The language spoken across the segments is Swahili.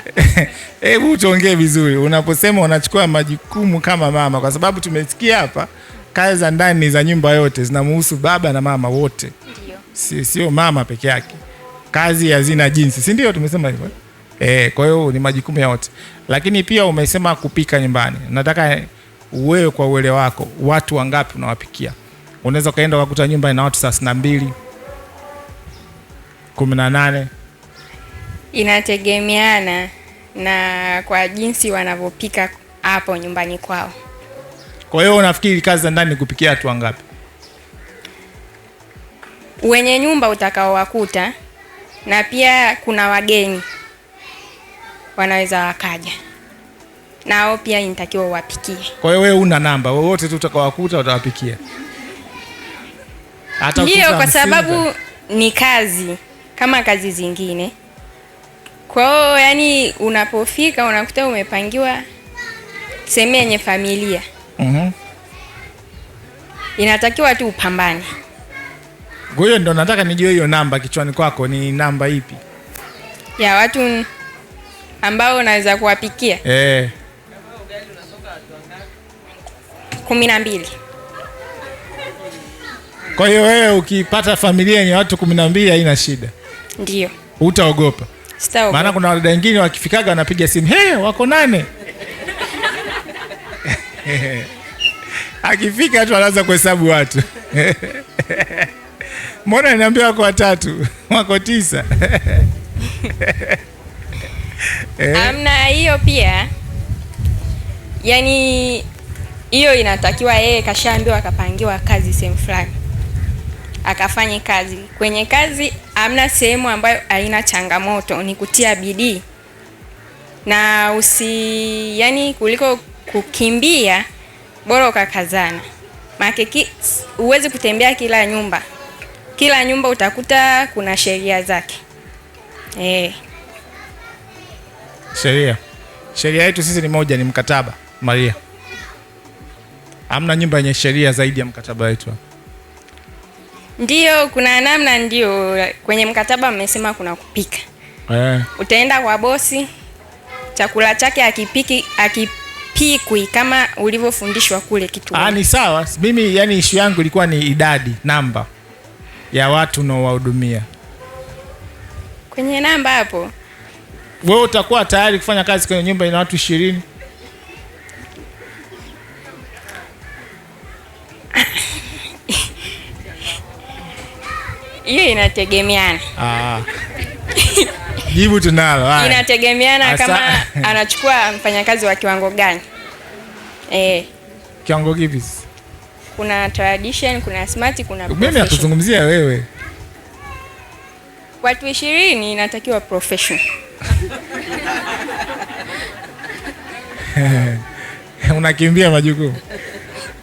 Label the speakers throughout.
Speaker 1: Hebu tuongee vizuri, unaposema unachukua majukumu kama mama, kwa sababu tumesikia hapa kazi za ndani za nyumba yote zinamhusu baba na mama wote, sio si mama peke yake. Kazi hazina jinsi, si ndio? Tumesema hivyo eh. Kwa hiyo ni majukumu wote, lakini pia umesema kupika nyumbani. Nataka wewe kwa uwele wako, watu wangapi unawapikia? Unaweza ukaenda ukakuta nyumba ina watu thelathini na mbili kumi na nane
Speaker 2: Inategemeana na kwa jinsi wanavyopika hapo nyumbani kwao.
Speaker 1: Kwa hiyo unafikiri kazi za ndani ni kupikia watu wangapi?
Speaker 2: Wenye nyumba utakaowakuta na pia kuna wageni wanaweza wakaja nao pia inatakiwa uwapikie.
Speaker 1: Kwa hiyo wewe una namba wowote tu utakaowakuta utawapikia?
Speaker 2: Ndio, kwa sababu ni kazi kama kazi zingine kwa hiyo yani, unapofika unakuta umepangiwa sehemu yenye familia mm-hmm. Inatakiwa tu upambane.
Speaker 1: Kwa hiyo ndo nataka nijue hiyo namba kichwani kwako ni namba ipi
Speaker 2: ya watu ambao unaweza kuwapikia eh? kumi na mbili.
Speaker 1: Kwa hiyo wewe ukipata familia yenye watu kumi na mbili haina shida, ndio utaogopa maana kuna wadada wengine wakifikaga wanapiga simu hey, wako nane akifika tu anaanza kuhesabu watu mbona niambia wako watatu wako tisa
Speaker 2: eh. amna hiyo pia yani hiyo inatakiwa yeye kashaambiwa akapangiwa kazi sehemu fulani akafanye kazi kwenye kazi hamna sehemu ambayo haina changamoto, ni kutia bidii na usi, yani kuliko kukimbia bora ukakazana, maana huwezi kutembea kila nyumba, kila nyumba utakuta kuna sheria zake e.
Speaker 1: Sheria sheria yetu sisi ni moja, ni mkataba Maria. Hamna nyumba yenye sheria zaidi ya mkataba wetu
Speaker 2: ndio kuna namna, ndio kwenye mkataba mmesema kuna kupika eh. Utaenda kwa bosi, chakula chake akipiki akipikwi kama ulivyofundishwa kule kitu.
Speaker 1: Ah, ni sawa. Mimi yani ishu yangu ilikuwa ni idadi namba ya watu unaowahudumia
Speaker 2: kwenye namba hapo.
Speaker 1: Wewe utakuwa tayari kufanya kazi kwenye nyumba ina watu ishirini?
Speaker 2: hiyo inategemeana.
Speaker 1: Ah. Jibu tunalo.
Speaker 2: Inategemeana Asa... kama anachukua mfanyakazi wa kiwango gani? Eh. Kiwango kipi? Kuna tradition, kuna smart, kuna mimi
Speaker 1: natuzungumzia wewe.
Speaker 2: Watu ishirini inatakiwa professional.
Speaker 1: Unakimbia majukumu.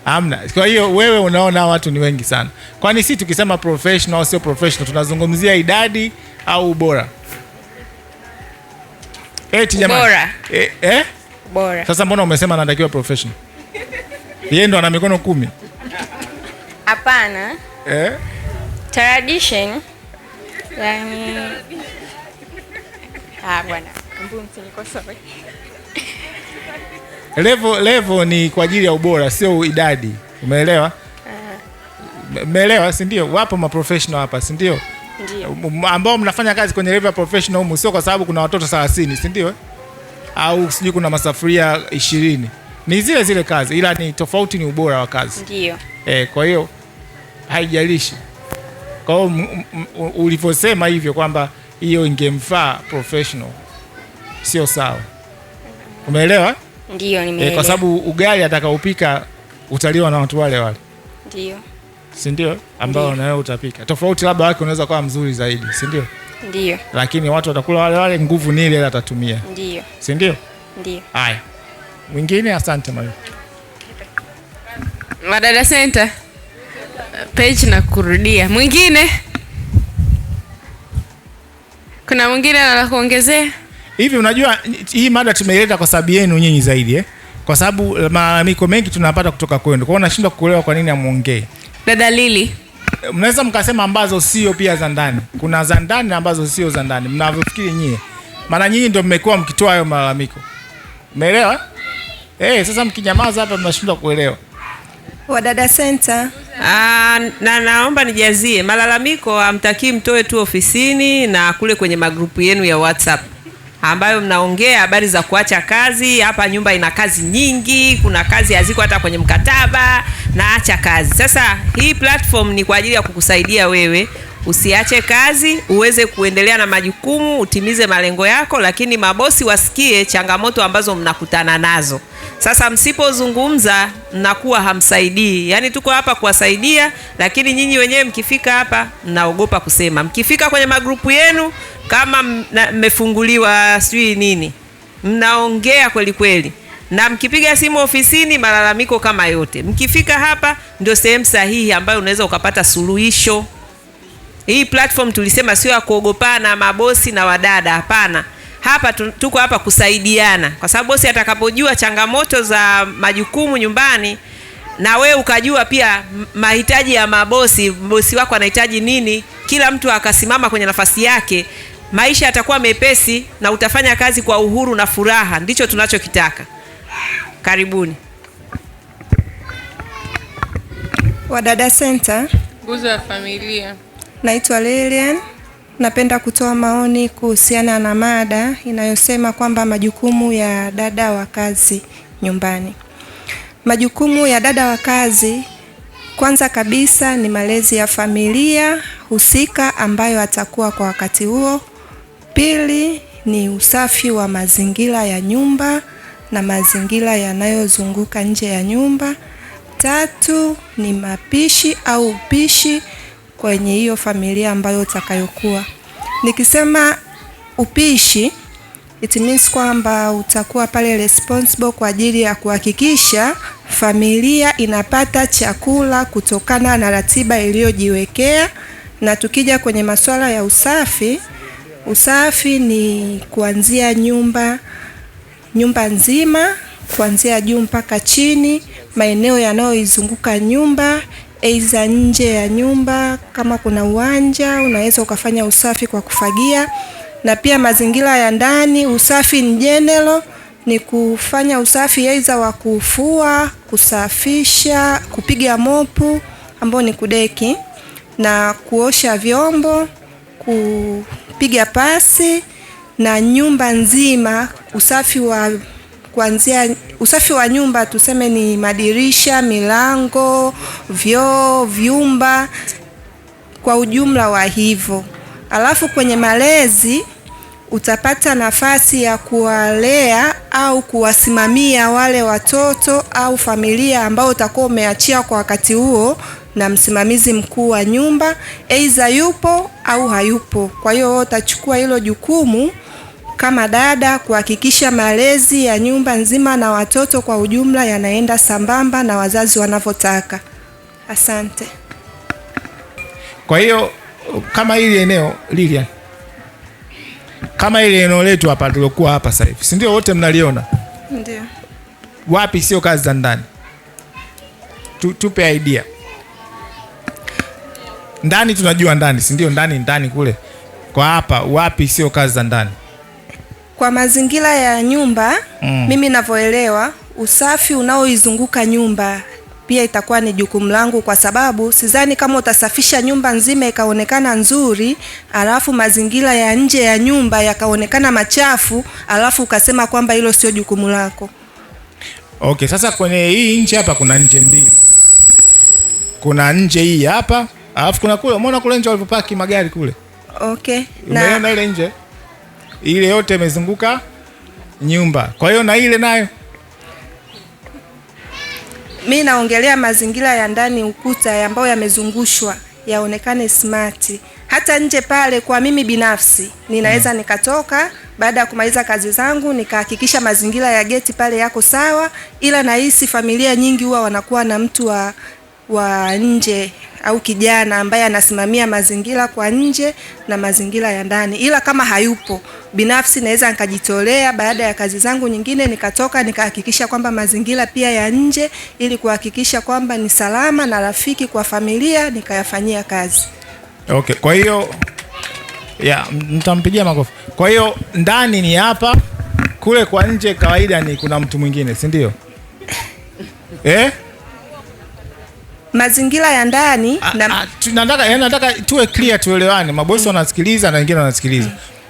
Speaker 1: Amna. Kwa hiyo wewe unaona watu ni wengi sana, kwani si tukisema professional sio professional tunazungumzia idadi au ubora? Eti eh, jamani, Ubora. eh, eh? Bora. Sasa mbona umesema anatakiwa professional? Yeye ndo ana mikono kumi.
Speaker 2: Hapana. Eh? Tradition. Yani... Ah, bwana. Mbona msinikosoe?
Speaker 1: level, level ni kwa ajili ya ubora, sio idadi. Umeelewa? Eh. Umeelewa, si ndio? Wapo maprofessional hapa, si ndio? ambao mnafanya kazi kwenye level ya professional humu, sio kwa sababu kuna watoto 30, si ndio? Au sijui kuna masafuria ishirini. Ni zile zile kazi, ila ni tofauti, ni ubora wa kazi. Ndio. Eh, kwa hiyo haijalishi. Kwa hiyo ulivyosema hivyo kwamba hiyo ingemfaa professional, sio sawa. Umeelewa? Ndio, nimeelewa. E, eh, kwa sababu ugali atakaopika utaliwa na watu wale wale, ndio si ndio? Ambao na wewe utapika tofauti, labda wake unaweza kuwa mzuri zaidi, si ndio? Ndio, lakini watu watakula wale wale, nguvu ni ile ile atatumia, ndio, si ndio? Ndio. Haya, mwingine. Asante Maria.
Speaker 2: Madada Center page na kurudia. Mwingine, kuna mwingine anataka kuongezea?
Speaker 1: hivi unajua hii mada tumeileta kwa sababu yenu nyinyi zaidi eh? kwa sababu eh, malalamiko mengi tunapata kutoka kwenu, kwao nashindwa kuelewa kwa nini amwongee
Speaker 2: dada Lili.
Speaker 1: Eh, mnaweza mkasema ambazo sio pia za ndani, kuna za ndani ambazo sio za ndani mnavyofikiri nyie, maana nyinyi ndio mmekuwa mkitoa hayo malalamiko, umeelewa eh? eh sasa mkinyamaza hapa mnashindwa kuelewa.
Speaker 3: Wadada senta
Speaker 4: Aa, ah, na naomba nijazie malalamiko, amtakii mtoe tu ofisini na kule kwenye magrupu yenu ya WhatsApp ambayo mnaongea habari za kuacha kazi. Hapa nyumba ina kazi nyingi, kuna kazi haziko hata kwenye mkataba, naacha kazi. Sasa hii platform ni kwa ajili ya kukusaidia wewe usiache kazi, uweze kuendelea na majukumu, utimize malengo yako, lakini mabosi wasikie changamoto ambazo mnakutana nazo. Sasa msipozungumza mnakuwa hamsaidii. Yaani tuko hapa kuwasaidia, lakini nyinyi wenyewe mkifika hapa mnaogopa kusema. Mkifika kwenye magrupu yenu kama mmefunguliwa sijui nini, mnaongea kweli kweli, na mkipiga simu ofisini malalamiko kama yote, mkifika hapa ndio sehemu sahihi ambayo unaweza ukapata suluhisho. Hii platform tulisema sio ya kuogopana mabosi na wadada, hapana. Hapa tuko hapa kusaidiana, kwa sababu bosi atakapojua changamoto za majukumu nyumbani na we ukajua pia mahitaji ya mabosi, bosi wako anahitaji nini, kila mtu akasimama kwenye nafasi yake, maisha yatakuwa mepesi na utafanya kazi kwa uhuru na furaha. Ndicho tunachokitaka. Karibuni
Speaker 5: Wadada Center,
Speaker 6: nguzo ya familia.
Speaker 5: Naitwa Lilian, napenda kutoa maoni kuhusiana na mada inayosema kwamba majukumu ya dada wa kazi nyumbani. Majukumu ya dada wa kazi, kwanza kabisa ni malezi ya familia husika ambayo atakuwa kwa wakati huo, Pili ni usafi wa mazingira ya nyumba na mazingira yanayozunguka nje ya nyumba. Tatu ni mapishi au upishi kwenye hiyo familia ambayo utakayokuwa. Nikisema upishi, it means kwamba utakuwa pale responsible kwa ajili ya kuhakikisha familia inapata chakula kutokana na ratiba iliyojiwekea. Na tukija kwenye masuala ya usafi Usafi ni kuanzia nyumba nyumba nzima kuanzia juu mpaka chini, maeneo yanayoizunguka nyumba, aidha nje ya nyumba kama kuna uwanja unaweza ukafanya usafi kwa kufagia, na pia mazingira ya ndani. Usafi ni general, ni kufanya usafi aidha wa kufua, kusafisha, kupiga mopu ambao ni kudeki na kuosha vyombo ku piga pasi na nyumba nzima, usafi wa kuanzia usafi wa nyumba tuseme ni madirisha, milango, vyoo, vyumba kwa ujumla wa hivyo. Alafu kwenye malezi utapata nafasi ya kuwalea au kuwasimamia wale watoto au familia ambao utakuwa umeachia kwa wakati huo na msimamizi mkuu wa nyumba, aidha yupo au hayupo. Kwa hiyo utachukua hilo jukumu kama dada kuhakikisha malezi ya nyumba nzima na watoto kwa ujumla yanaenda sambamba na wazazi wanavyotaka. Asante.
Speaker 1: Kwa hiyo kama hili eneo Lilian, kama ile eneo letu hapa tulokuwa hapa sasa hivi, si ndio? Wote mnaliona ndio wapi, sio kazi za ndani tu, tupe idea ndani tunajua ndani, si ndio? Ndani ndani kule kwa hapa wapi, sio kazi za ndani.
Speaker 7: Kwa mazingira ya nyumba mm. mimi navyoelewa, usafi unaoizunguka nyumba pia itakuwa ni jukumu langu, kwa sababu sidhani kama utasafisha nyumba nzima ikaonekana nzuri, alafu mazingira ya nje ya nyumba yakaonekana machafu, alafu ukasema kwamba hilo sio jukumu lako.
Speaker 1: Okay, sasa kwenye hii nje hapa kuna nje mbili, kuna nje hii hapa Alafu kuna kule, umeona kule nje walipopaki magari kule. Okay. Umeona na ile nje? Ile yote imezunguka nyumba. Kwa hiyo na ile nayo
Speaker 7: mi naongelea mazingira ya ndani, ukuta ambayo yamezungushwa yaonekane smart. Hata nje pale, kwa mimi binafsi ninaweza mm. nikatoka baada ya kumaliza kazi zangu nikahakikisha mazingira ya geti pale yako sawa, ila nahisi familia nyingi huwa wanakuwa na mtu wa wa nje au kijana ambaye anasimamia mazingira kwa nje na mazingira ya ndani, ila kama hayupo binafsi naweza nikajitolea baada ya kazi zangu nyingine nikatoka nikahakikisha kwamba mazingira pia ya nje, ili kuhakikisha kwamba ni salama na rafiki kwa familia, nikayafanyia kazi.
Speaker 1: Okay, kwa hiyo ya mtampigia makofi. Kwa hiyo ndani ni hapa, kule kwa nje kawaida ni kuna mtu mwingine, si ndio? eh
Speaker 7: mazingira ya ndani
Speaker 1: na... nataka yaani nataka tuwe clear, tuelewane. Mabosi wanasikiliza na wengine wanasikiliza.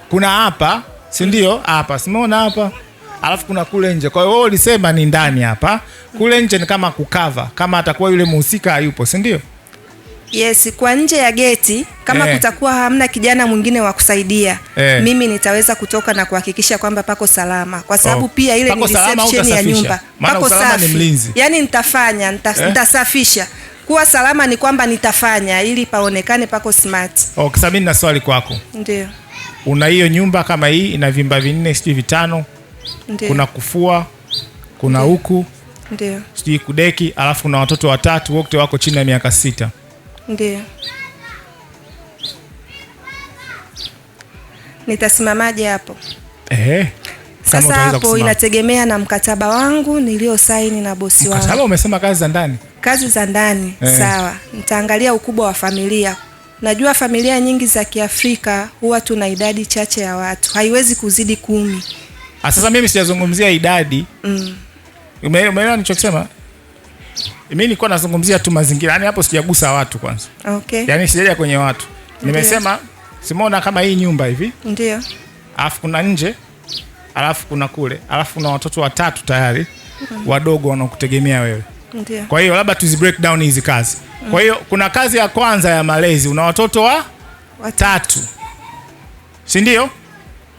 Speaker 1: Kuna hapa, si ndio? Hapa simeona hapa alafu kuna kule nje. Kwa hiyo wewe ulisema ni ndani hapa, kule nje ni kama kukava, kama atakuwa yule mhusika hayupo, si ndio?
Speaker 7: Yes, kwa nje ya geti kama yeah. kutakuwa hamna kijana mwingine wa kusaidia yeah. mimi nitaweza kutoka na kuhakikisha kwamba pako salama, kwa sababu oh, pia ile ni reception ya nyumba,
Speaker 1: pako safi,
Speaker 7: yani nitafanya eh? nitasafisha kuwa salama ni kwamba nitafanya ili paonekane pako smart.
Speaker 1: Okay, Sabini, na swali kwako. Ndio. Una hiyo nyumba kama hii ina vyumba vinne sijui vitano. Ndio. Kuna kufua, kuna huku. Ndio. Sijui kudeki, alafu una watoto watatu wote wako chini ya miaka sita.
Speaker 7: Ndio. Nitasimamaje hapo? Eh. Sasa hapo inategemea na mkataba wangu niliosaini na bosi wangu.
Speaker 1: Mkataba umesema kazi za ndani
Speaker 7: kazi za ndani eh. Sawa, nitaangalia ukubwa wa familia. Najua familia nyingi za Kiafrika huwa tuna idadi chache ya watu, haiwezi kuzidi kumi.
Speaker 1: Ah, sasa mimi sijazungumzia idadi mm. Umeelewa nichokisema? Mimi nilikuwa nazungumzia tu mazingira, yani hapo sijagusa watu kwanza. Okay. Yani sijaja kwenye watu. Nimesema simona kama hii nyumba hivi ndio, alafu kuna nje, alafu kuna kule, alafu kuna watoto watatu tayari mm. wadogo wanaokutegemea wewe kwa hiyo labda tuzi break down hizi kazi. Kwa hiyo kuna kazi ya kwanza ya malezi, una watoto wa watatu, si ndio?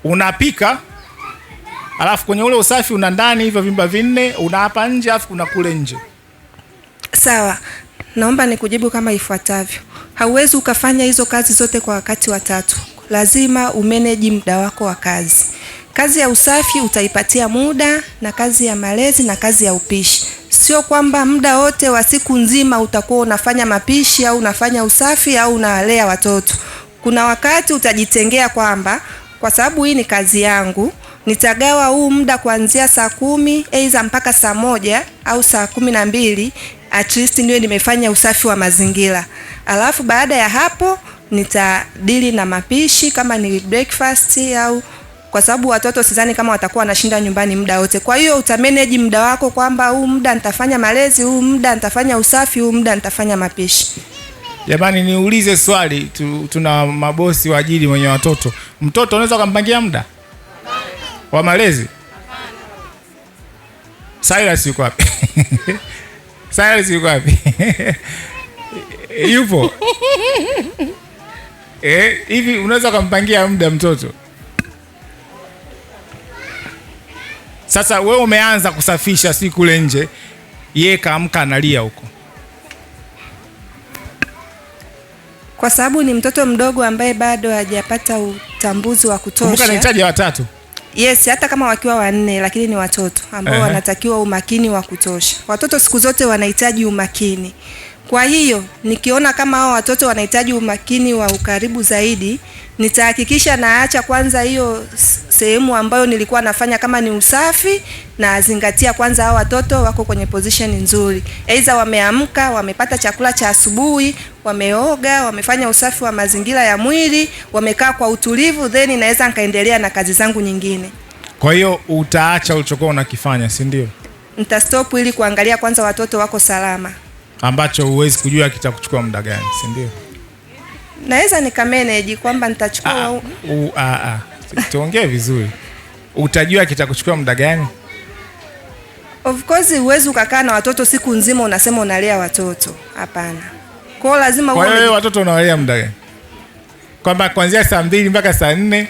Speaker 1: Unapika, alafu kwenye ule usafi una ndani hivyo vyumba vinne, una hapa nje, alafu kuna kule nje.
Speaker 7: Sawa, naomba nikujibu kama ifuatavyo. Hauwezi ukafanya hizo kazi zote kwa wakati watatu, lazima umeneji muda wako wa kazi. Kazi ya usafi utaipatia muda, na kazi ya malezi, na kazi ya upishi Sio kwamba muda wote wa siku nzima utakuwa unafanya mapishi au unafanya usafi au unawalea watoto. Kuna wakati utajitengea kwamba kwa sababu hii ni kazi yangu, nitagawa huu muda kuanzia saa kumi aidha mpaka saa moja au saa kumi na mbili at least niwe nimefanya usafi wa mazingira, alafu baada ya hapo nitadili na mapishi kama ni breakfast au kwa sababu watoto sidhani kama watakuwa wanashinda nyumbani muda wote. Kwa hiyo utameneji muda wako kwamba huu muda nitafanya malezi, huu muda nitafanya usafi, huu muda nitafanya mapishi.
Speaker 1: Jamani, niulize swali tu, tuna mabosi waajiri wenye watoto. Mtoto unaweza ukampangia muda wa malezi? Silas yuko wapi? Silas yuko wapi? Yupo eh, hivi eh, unaweza ukampangia muda mtoto Sasa we umeanza kusafisha, si kule nje, yeye kaamka analia huko,
Speaker 7: kwa sababu ni mtoto mdogo ambaye bado hajapata utambuzi wa kutosha.
Speaker 1: Nahitaji watatu
Speaker 7: Yes, hata kama wakiwa wanne lakini ni watoto ambao uh -huh. wanatakiwa umakini wa kutosha. Watoto siku zote wanahitaji umakini. Kwa hiyo nikiona kama hao watoto wanahitaji umakini wa ukaribu zaidi, nitahakikisha naacha kwanza hiyo sehemu ambayo nilikuwa nafanya kama ni usafi, nazingatia kwanza hao watoto wako kwenye position nzuri, aidha wameamka, wamepata chakula cha asubuhi, wameoga, wamefanya usafi wa mazingira ya mwili, wamekaa kwa utulivu, then naweza nikaendelea na kazi zangu nyingine.
Speaker 1: Kwa hiyo utaacha ulichokuwa unakifanya, si ndio?
Speaker 7: Nitastop ili kuangalia kwanza watoto wako salama
Speaker 1: ambacho huwezi kujua kitakuchukua muda gani, si ndio?
Speaker 7: Naweza nikamanage kwamba nitachukua.
Speaker 1: Ah, Tuongee vizuri, utajua kitakuchukua muda gani?
Speaker 7: Of course huwezi ukakaa na watoto siku nzima unasema unalea watoto, hapana. Kwa lazima
Speaker 1: uwe. Kwa watoto unawalea muda gani? Kwamba kuanzia saa mbili mpaka saa nne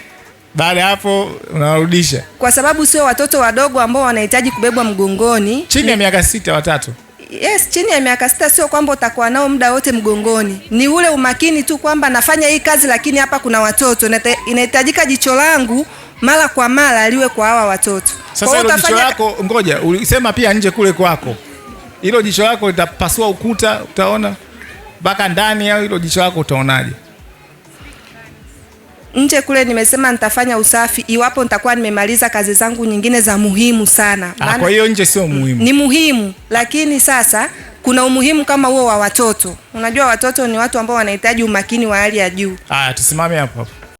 Speaker 1: baada hapo unawarudisha
Speaker 7: kwa sababu sio watoto wadogo ambao wanahitaji kubebwa mgongoni.
Speaker 1: Chini ya miaka sita, watatu
Speaker 7: Yes, chini ya miaka sita sio kwamba utakuwa nao muda wote mgongoni. Ni ule umakini tu kwamba nafanya hii kazi lakini hapa kuna watoto. Inahitajika jicho langu mara kwa mara liwe kwa hawa watoto.
Speaker 1: Sasa hilo utafanya... jicho lako ngoja, ulisema pia nje kule kwako. Hilo jicho lako litapasua ukuta utaona mpaka ndani au hilo jicho lako utaonaje?
Speaker 7: nje kule nimesema nitafanya usafi iwapo nitakuwa nimemaliza kazi zangu nyingine za muhimu sana.
Speaker 1: Ah, kwa hiyo nje sio muhimu,
Speaker 7: ni muhimu lakini sasa kuna umuhimu kama huo wa watoto. Unajua watoto ni watu ambao wanahitaji umakini wa hali ya juu.
Speaker 1: Aya, tusimame hapo hapo.